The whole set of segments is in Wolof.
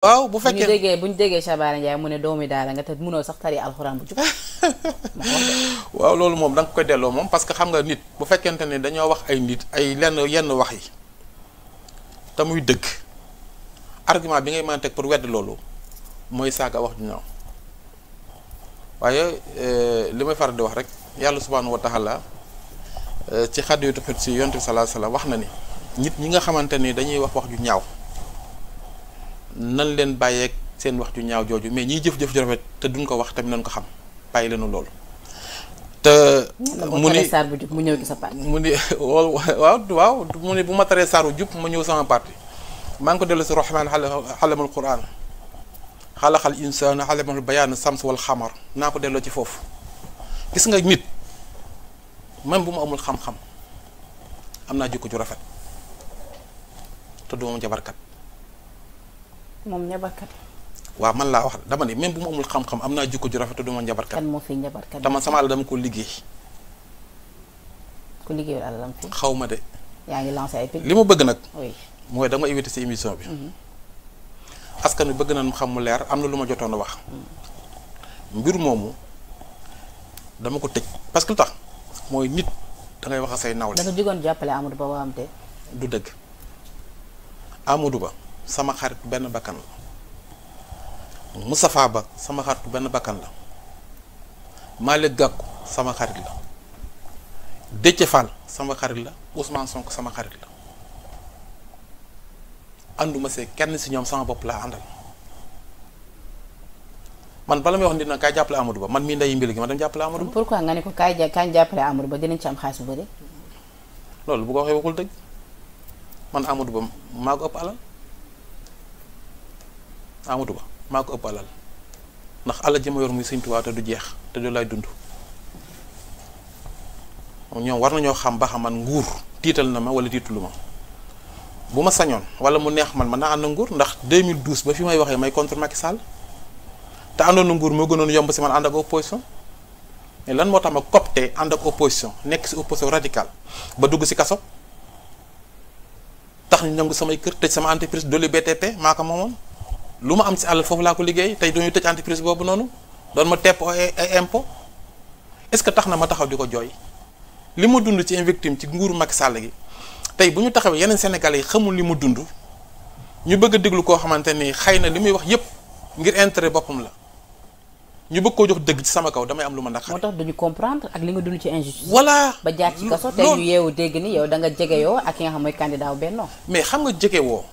waaw bu fekkee bu ñu déggee bu ñu déggee Cheikh Bara Ndiaye mu ne doomi daara nga te mënoo sax tari alxuraan bu jub. waaw loolu moom da nga koy delloo moom parce que xam nga nit bu fekkente ne dañoo wax ay nit ay lenn yenn wax yi te muy dëkk argument bi ngay mën a teg pour wedd loolu mooy saaka wax ju ñaaw waaye eh, li may faral di wax rek yàlla subhaanahu wa taala eh, ci xadiisu xudsi yonent bi yontu alayhi wa sallam wax na ni nit ñi nga xamante ni dañuy wax wax ju ñaaw. nan leen bàyyeek seen wax ju ñaaw jooju mais ñiy jëf-jëf ju rafet te duñ ko wax tamit nañ ko xam bàyyi leenu loolu te mu ni mu mu ni waaw waaw mu ni bu ma taree saar bu jub ma ñëw sama parti maa ngi ko dellu si rahmaan xalamul quraan xalaxal insaan xalamul bayaan sams wal xamar naa ko delloo ci foofu gis nga nit même bu ma amul xam-xam am naa jikko ju rafet te du ma jabarkat moom njabarkat waaw man laa wax dama ne même bu ma amul xam-xam am naa jikko ju rafet duma njabarkat kan moo fi njabarkat dama sama àll dama ko liggéey ku liggéeyul àllam xaw ma de yaa ngi lancé li ma bëgg nag mooy dama éviter ci émission bi mhm. askan wi bëgg nañu xam mu leer am na lu ma jotoon wax mhm. mbir moomu dama ko tëj parce que lu tax mooy nit dangay wax a say nawle da nga jógoon jàppale Amadou Ba waam te du dëgg Amadou Ba sama xaritu benn bakkan la Moustapha Ba sama xarit benn bakkan la maa Malick Gakou sama xarit la Déthié sama xarit la Ousmane Sonko sama xarit la ànduma see kenn si ñoom sama bopp laa àndal man bala may wax nit nag kaay jàppale Amadou Ba man mii ndeyu mbir gi ma dem jàppale Amadou Ba. pourquoi nga ne ko kaay kaay jàppale Amadou Ba dinañ ci am xaalis bu bëri. loolu bu ko waxee waxul dëgg man Amadou Ba maa ko alal. Amadou Ba maa ko ëpp alal ndax alal ji ma yor muy Sëñ du jeex te du lay dund ñoom war nañoo xam ba xam man nguur tiital na ma wala tiitalu ma bu ma sañoon wala mu neex man mën naa ànd nguur ndax 2012 ba fi may waxee may contre Macky Sall te àndoon nguur moo gënoon yomb si man ànd ak opposition mais lan moo tax ma copte ànd ak opposition nekk si opposition radical ba dugg si kaso tax ñu nangu samay kër tëj sama entreprise dolli BTP maa ko moomoon lu ma am si alal foofu laa ko liggéey tey duñu tëj entreprise boobu noonu doon ma tepp ay impôt est-ce que tax na ma taxaw di ko jooy li ma dund ci invective ci nguuru mag sàll gi tey bu ñu taxaw yeneen Sénégalais yi xamul li mu dund ñu bëgg a déglu koo xamante ni xëy na li muy wax yëpp ngir intérêt boppam la ñu bëgg koo jox dëgg ci sama kow damay am lu ma naqar. moo tax duñu comprendre ak li nga dund ci injustice. voilà ba jaar ci kaso tey ñu yeewu dégg ni da nga jegeyoo ak ki nga xam mooy candidat wu Benno mais xam nga jegewoo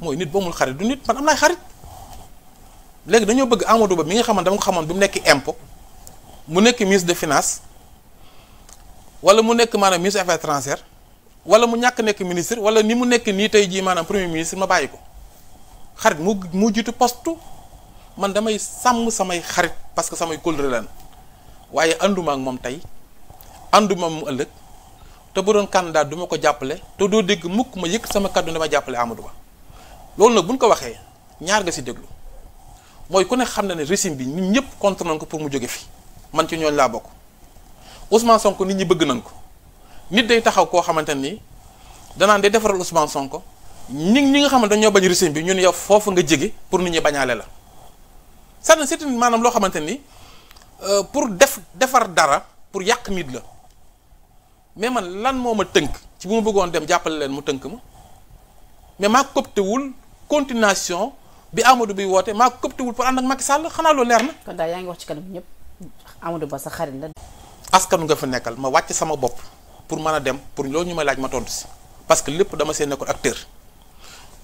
mooy nit ba amul du nit man am naa léegi dañoo bëgg Amadou Ba mi nga xamoon dama ko xamoon bi mu nekk impôt mu nekk ministre de finance wala mu nekk maanaam ministre affaires étrangères wala mu ñàkk nekk ministre wala ni mu nekk nii tey jii maanaam premier ministre ma bàyyi ko xarit mu mu jiitu poste man damay sàmm samay xarit parce que samay kóllëre lan waaye ànduma ak moom tey ànduma mu ëllëg te bu doon candidat du ma ko jàppale te doo dégg mukk ma yëkk sama kàddu dama jàppale Amadou Ba loolu nag buñ ko waxee ñaar nga si déglu mooy ku ne xam na ne régime bi ñun ñëpp contre nañ ko pour mu jóge fi man ci ñooñ laa bokk Ousmane Sonko nit ñi bëgg nañ ko nit day taxaw koo xamante ni danaan day defaral Ousmane ko ñi ñi nga xam ne dañoo bañ régime bi ñun yow foofu nga jege pour nit ñi bañaale la sànni c'est maanaam loo xamante ni euh, pour def defar dara pour yàq nit la mais man lan moom ma tënk ci bu ma bëggoon dem jàppale leen mu tënk ma mais maa coptewul continuation bi Amadou bi woote maa ko këptiwul pour ànd ak Macky Sall xanaa loolu leer na. kon daal yaa ngi wax ci kanam ñëpp Amadou Ba sa xarit la. askanu nga fa nekkal ma wàcc sama bopp pour mën a dem pour loolu ñu may laaj ma tontu si parce que lépp dama see nekkoon acteur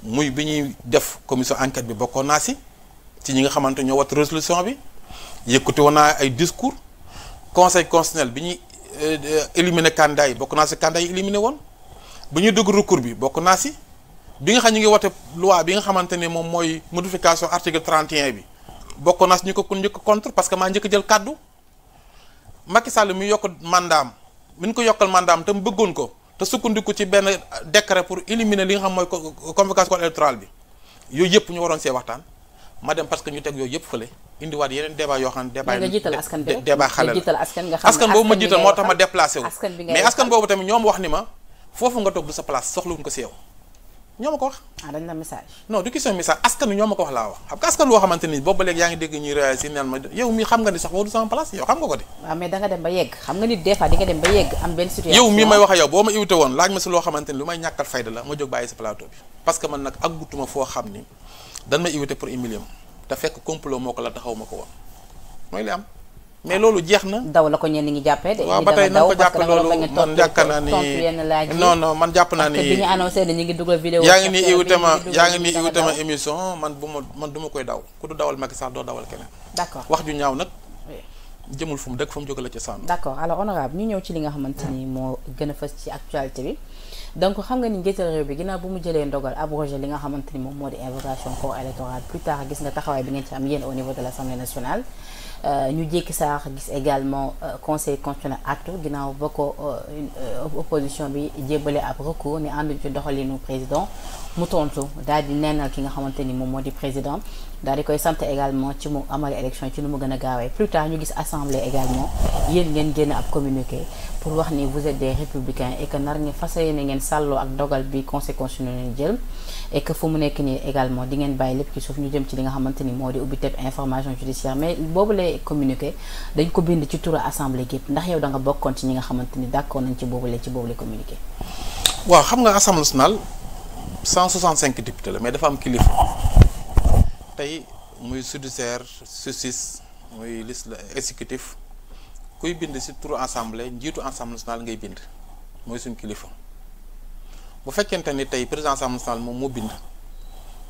muy bi ñuy def commission enquête bi bokkoon naa si ci ñi nga xamante ñoo wat résolution bi yëkkute woon naa ay discours conseil constitutionnel bi ñuy euh, euh, éliminer candidat yi bokk naa si candidat yi éliminé woon bu ñuy dugg recours bi bokk naa si. bi nga xam ñu ngi wote loi bi nga xamante ne moom mooy modification article 31 bi bokk na ñu ko njëkk contre parce que maa njëkk jël kàddu Macky Sall mi yokk mandaam mi ko yokkal mandaam te mu bëggoon ko te sukkandiku ci benn décret pour éliminer li nga xam mooy convocation code électoral bi yooyu yëpp ñu waroon see waxtaan ma dem parce que ñu teg yooyu yëpp fële indiwaat yeneen débat yoo xam nga jiital askan boobu ma jiital moo tax ma déplacé wu mais askan boobu tamit ñoom wax nga toog du sa place soxluñ ko si yow ñoo ma ko wax. ah dañ la message. non du question message askanu ñoo ma ko wax laa wax xam nga askan woo xamante ni boobu ba léegi yaa ngi dégg ñuy réagir naan ma yow yow mii may wax ak yow boo ma iwte woon laaj ma si loo xamante ni lu may ñàkkal fayda la ma jóg bàyyi sa plateau bi parce que man nag aggutuma foo xam ni dan ma iwte pour humilier te fekk complot moo ko la taxaw ma ko woon mooy li am mais loolu jeex na. daw la ko ñenn ñi jàppee de. waaw ba tey na ko jàpp loolu man jàpp naa ni non non man jàpp naa ni. bi ñu annoncé ne ñu ngi dugal vidéo. yaa ngi nii iwutama yaa ngi nii iwutama émission man bu ma man du ma koy daw ku du dawal Macky Sall doo dawal keneen. wax ju ñaaw nag. jëmul fu mu dëkk fu mu jóge la ci saanu. d'accord alors honorable ñu ñëw ci li nga xamante ni moo gën a fës ci actualité bi donc xam nga ni njiital réew bi ginnaaw bu mu jëlee ndogal abrogé li nga xamante ni moom moo di invocation corps électoral plus tard gis nga taxawaay bi ngeen ci am yéen au niveau de l'Assemblée nationale. Euh, ñu jékki saax gis également euh, conseil constitutionnel acte ginnaaw ba ko euh, opposition bi jébbale ab recours ni ànduñ ci doxalinu président mu tontu daal di neenal ki nga xamante ni moom moo di président. daal di koy sant également ci mu amal élection ci nu mu gën a gaawee plus tard ñu gis assemblée également yéen ngeen génn ab communiqué pour wax ni vous êtes des républicains et que nar ngeen fas yéene ngeen sàlloo ak dogal bi conséquence ñu leen jël et fu mu nekk nii également di ngeen bàyyi lépp ci suuf ñu jëm ci li nga xamante ni moo di ubbi teb information judiciaire mais boobu lay communiqué dañ ko bind ci turu assemblée gépp ndax yow da nga bokkoon ci ñi nga xamante ni d'accord nañ ci boobu lay ci boobu lay communiqué. xam nga assemblée nationale 165 députés la mais dafa am kilifa. tey muy judiciaire justice muy liste exécutif kuy bind ci turu assemblée njiitu assemblée nationale ngay bind mooy suñ kilifa bu fekkente ni tey président assemblée nationale moom moo bind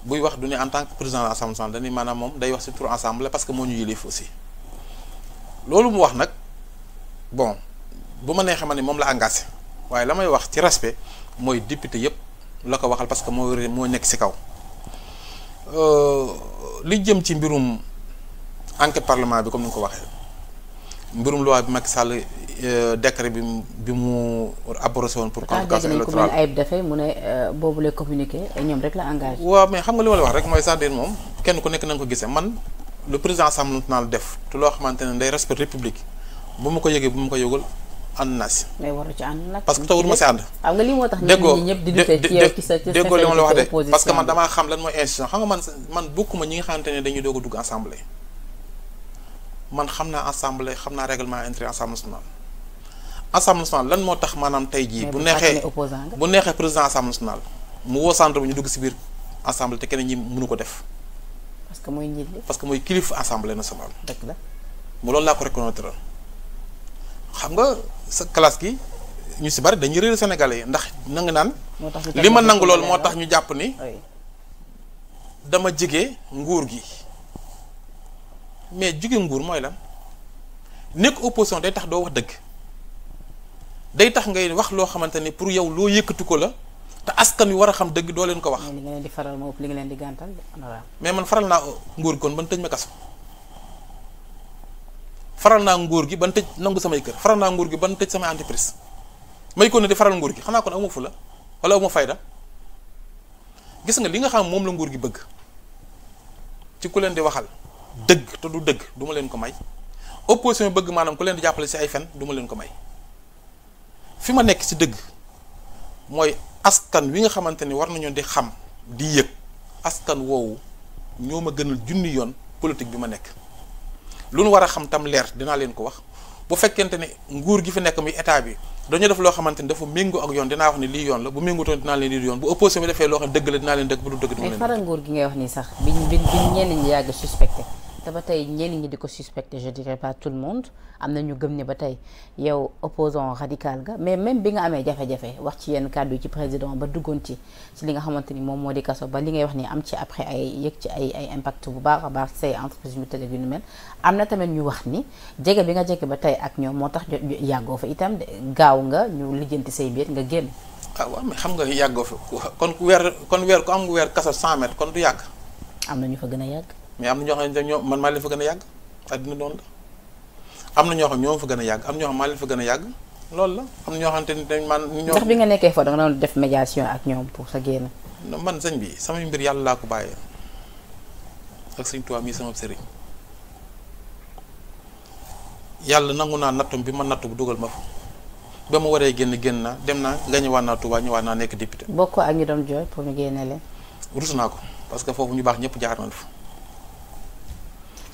buy wax du ne en tant que président assemblée nationale dañuy maanaam moom day wax ci turu assemblée parce que moo ñu yilif aussi loolu mu wax nag bon bu ma neexee ma ne moom la engagé waaye la may wax ci respect mooy député yépp la ko waxal parce que moo moo nekk ci kaw. Euh, li jëm ci mbirum enquête parlement bi comme ni nga ko waxee mbirum loi bi Macky Sall euh, décret bi mu bi mu abrogé woon pour ah, convocation électorale ayib dafay mu ne euh, boobu lay communiqué ñoom rek la engagé. waaw mais xam nga li ma la wax rek mooy cest moom kenn ku nekk na nga ko gisee man le président assemblée nationale def te loo xamante ne day respect république bu ma ko yëgee bu ma ko yëgul. ànd na si. parce que tawul ma si ànd. xam nga lii déggoo li ma la wax de parce que man damaa xam lan mooy institution xam nga man bokkuma ñi nga xamante ne dañuy doog a dugg assemblée man xam naa assemblée xam naa réglement intérieur assemblée nationale assemblée nationale lan moo tax maanaam tey jii. bu neexee bu neexee président assemblée nationale mu woo centre bi ñu dugg si biir assemblée te kenn ñi mënu ko def. parce que mooy njiit parce que mooy kilifa assemblée nationale. dëgg la mu loolu laa ko reconnaître xam nga sa classe gi ñu si bari dañuy réer Sénégalais yi ndax na nga naan. li ma nangu loolu moo tax ñu jàpp ni. dama jege nguur gi mais jege nguur mooy lan nekk opposition day tax doo wax dëgg day tax ngay wax loo xamante ni pour yow loo yëkkati ko la te askan wi war a xam dëgg doo leen ko wax. li nga leen leen di gàntal mais man faral naa nguur kon ban tëj ma kaso. faral naa nguur gi ban tëj nangu samay kër faral naa nguur gi ban tëj samay entreprise may ko ne di faral nguur gi xanaa kon amu fu la wala amu fayda gis nga li nga xam moom la nguur gi bëgg ci ku leen di waxal dëgg te dëgg du leen ko may opposition bëgg maanaam ku leen di jàppale si ay fen du ma leen ko may fi ma nekk si dëgg mooy askan wi nga xamante ni war nañu di xam di yëg askan woowu ñoo ma gënal junni yoon politique bi ma nekk lu nu war a xam tam leer dinaa leen ko wax bu fekkente ne nguur gi fi nekk muy état bi dañu def loo xamante ni dafa méngoo ak yoon dinaa wax ne lii yoon la bu méngutoon dinaa leen di yoon bu opposé bi defee loo xam ne dëgg la dinaa leen dëgg bu du dëgg. dama leen faral nguur gi ngay wax nii sax biñ biñ yàgg suspecté. te ba tey ñenn ñi di ko suspecté je dirais tout le monde am na ñu gëm ne ba tey yow opposant radical ga mais même bi nga amee jafe-jafe wax ci yenn kàddu ci président ba duggoon ci ci li nga xamante ni moom moo di kaso ba li ngay wax ni am ci après ay yëg ci ay ay impact bu baax a baax say entreprise mu tëdd yu nu mel am na tamit ñu wax ni jege bi nga jege ba tey ak ñoom moo tax yàggoo fa itam gaaw nga ñu lijjanti say biir nga génn. ah xam nga yàggoo fa kon weer kon weer ku am weer kaso 100 mètres kon du am na ñu fa gën a yàgg. mais am na ñoo xam ne ñoo man maa leen fa gën a yàgg àddina noonu la am na ñoo xam ñoo fa gën a yàgg am na ñoo xam fa gën a yàgg loolu la am na ñoo xamante ni dañ man ñoo ndax bi nga nekkee fa da nga doon def ak ñoom pour sa génn man sëñ bi samay mbir yàlla laa ko bàyyee sëñ Tuubaa mii sama sëriñ yàlla nangu naa nattum bi ma nattu bu dugal ma fa ba ma waree génn génn naa dem naa nga ñëwaat naa Tuubaa ñëwaat naa nekk député bokkoo ak ñu doon rus naa ko parce que foofu ñu baax ñëpp jaar na fa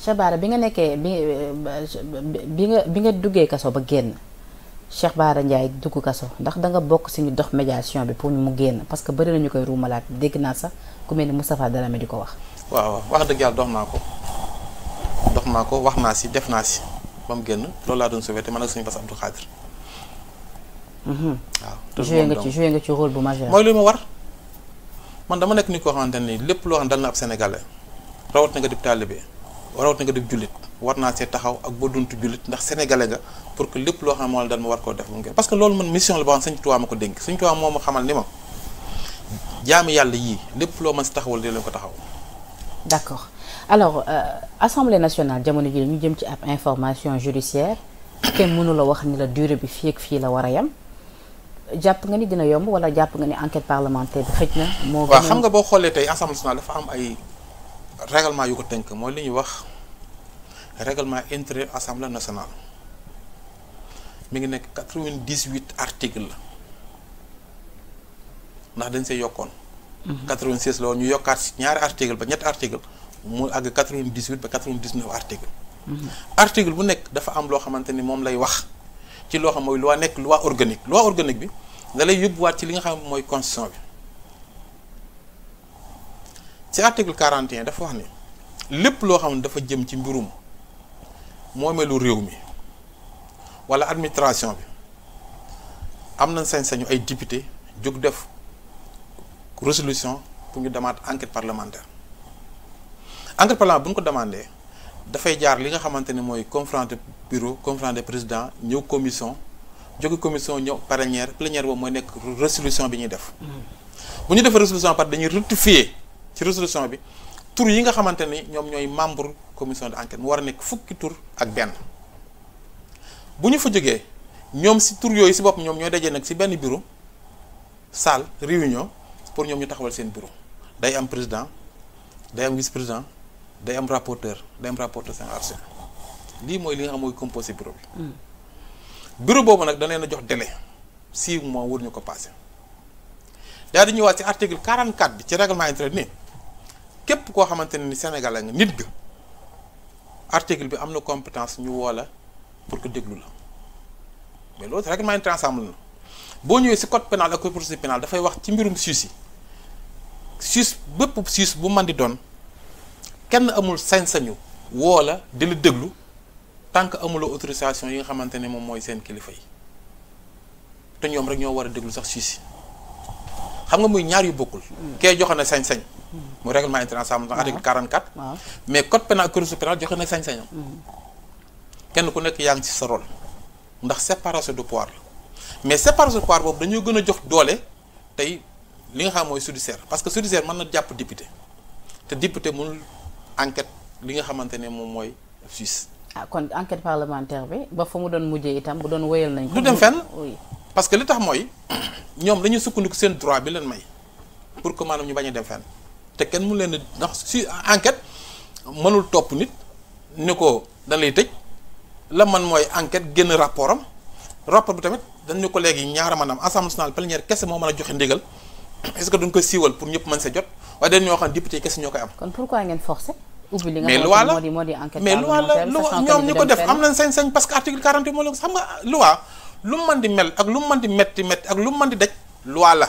Cheikh Bara bi nga nekkee bi bi nga bi nga duggee kaso ba génn Cheikh Bara Ndiaye dugg kaso ndax da nga bokk si ñu dox médiation bi pour ñu mu génn parce que bëri nañu koy ruumalaat dégg naa sax ku mel ni Moustapha Dramé di ko wax. waaw wax dëgg yàlla dox naa ko dox naa ko wax naa si def naa si ba mu génn loolu laa doon sauvé te man ak suñu Bass Abdou Khadre. Mhm. waaw joué nga ci joué nga ci rôle bu majeur. mooy li ma war man dama nekk nit koo xamante ne lépp loo xam warawat na nga def jullit war naa see taxaw ak ba duntu jullit ndax sénégalais nga pour que lépp loo xam ne moo la dal ma war koo def mu ngeen parce que loolu man mission la boo xamal ni ma jaami yàlla yii lépp loo mën si taxawal di leen ko taxaw d'accord alors euh, assemblée nationale jamono ji ñu jëm ci ab information judiciaire kenn mënu wax ni la durée bi fii ak fii la war a yem jàpp nga ni dina yomb wala jàpp nga ni enquête parlementaire bi xëj na. moo waaw xam nga boo xoolee tey assemblée nationale dafa am ay règlement yu ko tënk mooy li ñuy wax règlement intérieur assemblée nationale mi ngi nekk quatre-vingt-dix-huit la ndax dañ see yokkoon. Mhm. quatre-vingt-seize la woon ñu yokkaat si ñaari article ba ñetti article mu àgg quatre-vingt-dix-huit ba quatre-vingt-dix-neuf article. Mhm. article bu nekk dafa am loo xamante ni moom lay wax ci loo xam mooy loi nekk loi organique loi organique bi da lay yóbbuwaat ci li nga xam mooy constitution bi. ci article 41 dafa wax ni lépp loo xam ne dafa jëm ci mbirum moomeelu réew mi walla administration bi am na sañ-sañu ay député jóg def résolution pour ñu demaat enquête parlementaire enquête parlementaire bu ñu ko demandé dafay jaar li nga xamante ne mooy conférence de bureau conférence de président ñëw commission jóge commission ñëw plénière plénière boobu mooy nekk résolution bi ñuy def mm-hmm. bu ñu defee résolution par dañuy rectifier ci résolution bi tur yi nga xamante ni ñoom ñooy membre commission de enquête mu war a nekk fukki tour ak benn bu ñu fa jógee ñoom si tur yooyu si bopp ñoom ñooy dajee nag si benn bureau salle réunion pour ñoom ñu taxawal seen bureau day am président day am vice président day am rapporteur day am rapporteur général lii mooy li nga xam mooy composé bureau bi. Hmm. bureau boobu nag da leen jox délai six mois war ñu ko passé daal di ñëwaat ci article 44 bi ci règlement intérieur ni képp koo xamante ne ni Sénégal nga nit ga article bi am na compétence ñu woo pour que déglu la mais loolu règlement intérieur ensemble na boo ñëwee si code pénal ak code procédure dafay wax ci mbirum suus yi suus bépp bu man di doon kenn amul sañ-sañu woo la di la déglu tant que amuloo autorisation yi nga xamante ne moom mooy seen kilifa yi te ñoom rek ñoo war a déglu sax suus xam nga muy ñaar yu bokkul. Hmm. kee joxe na sañ-sañ. mu règlement international mu article 44. mais code pénal cour pénal joxe na sañ-sañam. Mm. kenn ku nekk yaa ngi ci sorol rôle. ndax séparation de pouvoir la mais séparation de pouvoir boobu dañoo gën a jox doole tey li nga xam mooy judiciaire parce que judiciaire mën na jàpp député te député mënul enquête li nga xamante ne moom mooy justice. ah kon enquête parlementaire bi ba fa mu doon mujjee itam bu doon wéyal nañ ko. du dem fenn parce que li tax mooy ñoom lañu sukkandiku seen droit bi leen pour que ñu bañ a dem fenn. te kenn mu leen ndax si enquête mënul topp nit ni ko da lay tëj la man mooy enquête génn rapport am rapport bi tamit dañu ko léegi ñaara maanaam assemblée nationale plénière kese moo mën a joxe ndigal est-ce que duñ ko siiwal pour ñëpp mën sa jot kese ñoo koy am. kon pourquoi ngeen forcé. ubbi li nga xam moo di moo di enquête la ñoom ñu ko def xam nga loi lu mu di mel ak lu mu mën di metti metti ak lu mu mën di daj luwaa la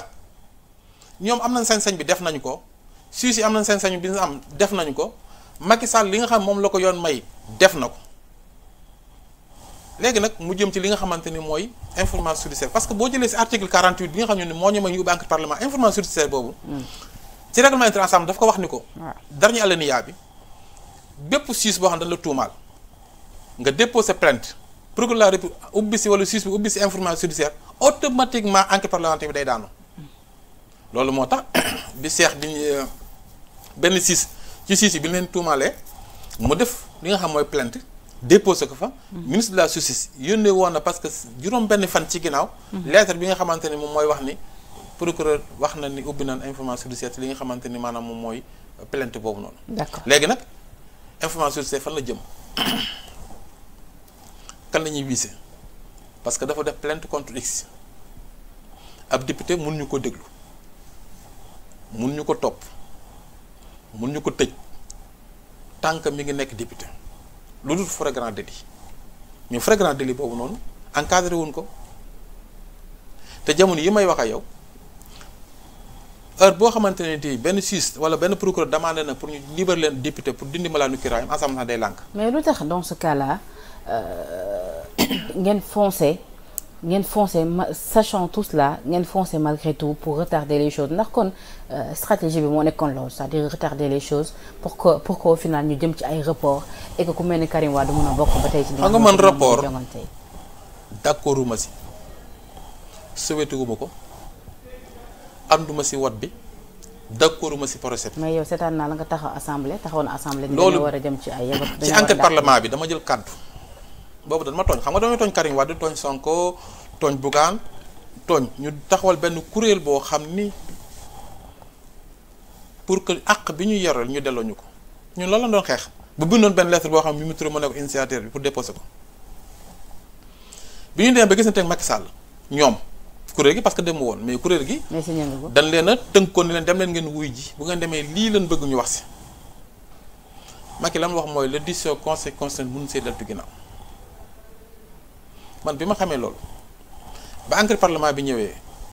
ñoom am nañ sañ-sañ bi def nañ ko. si si am na seen sañu bi ñu am def nañu ko Macky Sall li nga xam moom la ko yoon may def na ko léegi nag mu jëm ci li nga xamante ni mooy information judiciaire parce que boo jëlee si article 48 bi nga xam ne moo ñu may ñu ubbi enquête parlement information judiciaire boobu. Hmm. ci ko wax ni ko. waaw dernier bi bépp siis boo xam ne dañ la tuumaal nga déposé plainte procureur de la République ubbi si wala siis bi ubbi si information judiciaire automatiquement enquête parlementaire bi day daanu hmm. loolu moo tax. bi seex di eh, benn siis ci siis yi bi leen tuumaale mu def li nga xam mooy plainte déposé ko fa. Mm-hmm. ministre de la justice yónnee woon na parce que juróom benn fan ci ginnaaw. Mm-hmm. lettre bi nga xamante ni moom mooy wax ni procureur wax na ni ubbi naan information judiciaire li nga xamante ni maanaam moom mooy plainte boobu noonu. d'accord léegi nag information judiciaire fan la jëm kan la ñuy visé parce que dafa def plainte contre x ab député mun ñu ko déglu. mun ñu ko topp mun ñu ko tëj tànk mi ngi nekk député lu dul flagrant délit ñu flagrant délit boobu noonu encadré wuñ ko te jamono yi may wax ak yow heure boo xamante ne tey benn juge wala benn procureur demandé na pour ñu libérer leen député pour dindi malaanu kiraayam naa day lànk. mais lu tax dans ce cas là euh, ngeen foncé. ngeen ma sachant tout cela ngeen foncé malgré tout pour retarder les choses ndax kon euh, stratégie bi moo nekkoon loolu c'est-à-dire retarder les choses pour que pour que au final ñu jëm ci ay report et ku mel ni Karim Wade mun a bokk ba tey ci. xam nga man rapport d'accorduma si sowetuguma ko ànduma si wat bi d'accorduma si projet bi. mais yow seetaan naa la nga taxaw assemblée taxawoon assemblée. loolu war a jëm ci ay. ci enquête parlement bi dama jël kàddu. boobu dañ ma tooñ xam nga damay tooñ Karim Wade tooñ Sonko tooñ Bougane tooñ ñu taxawal benn kuréel boo xam ni pour que àq bi ñu yoral ñu delloo ñu ko ñun loolu la doon xeex bu bindoon benn lettre boo xam ne mu turé mu ne ko initiateur bi pour déposer ko bi ñu demee ba gis na teg Macky sàll ñoom kuréel gi parce que dem woon mais kuréel gi dañ leen a tënkoon ni leen dem leen ngeen wuy ji bu ngeen demee lii leen bëgg ñu wax si Macky la mu wax mooy le 10 conseil constitutionnel mënu see deltu ginnaaw man bi ma xamee loolu ba engrais parlement bi ñëwee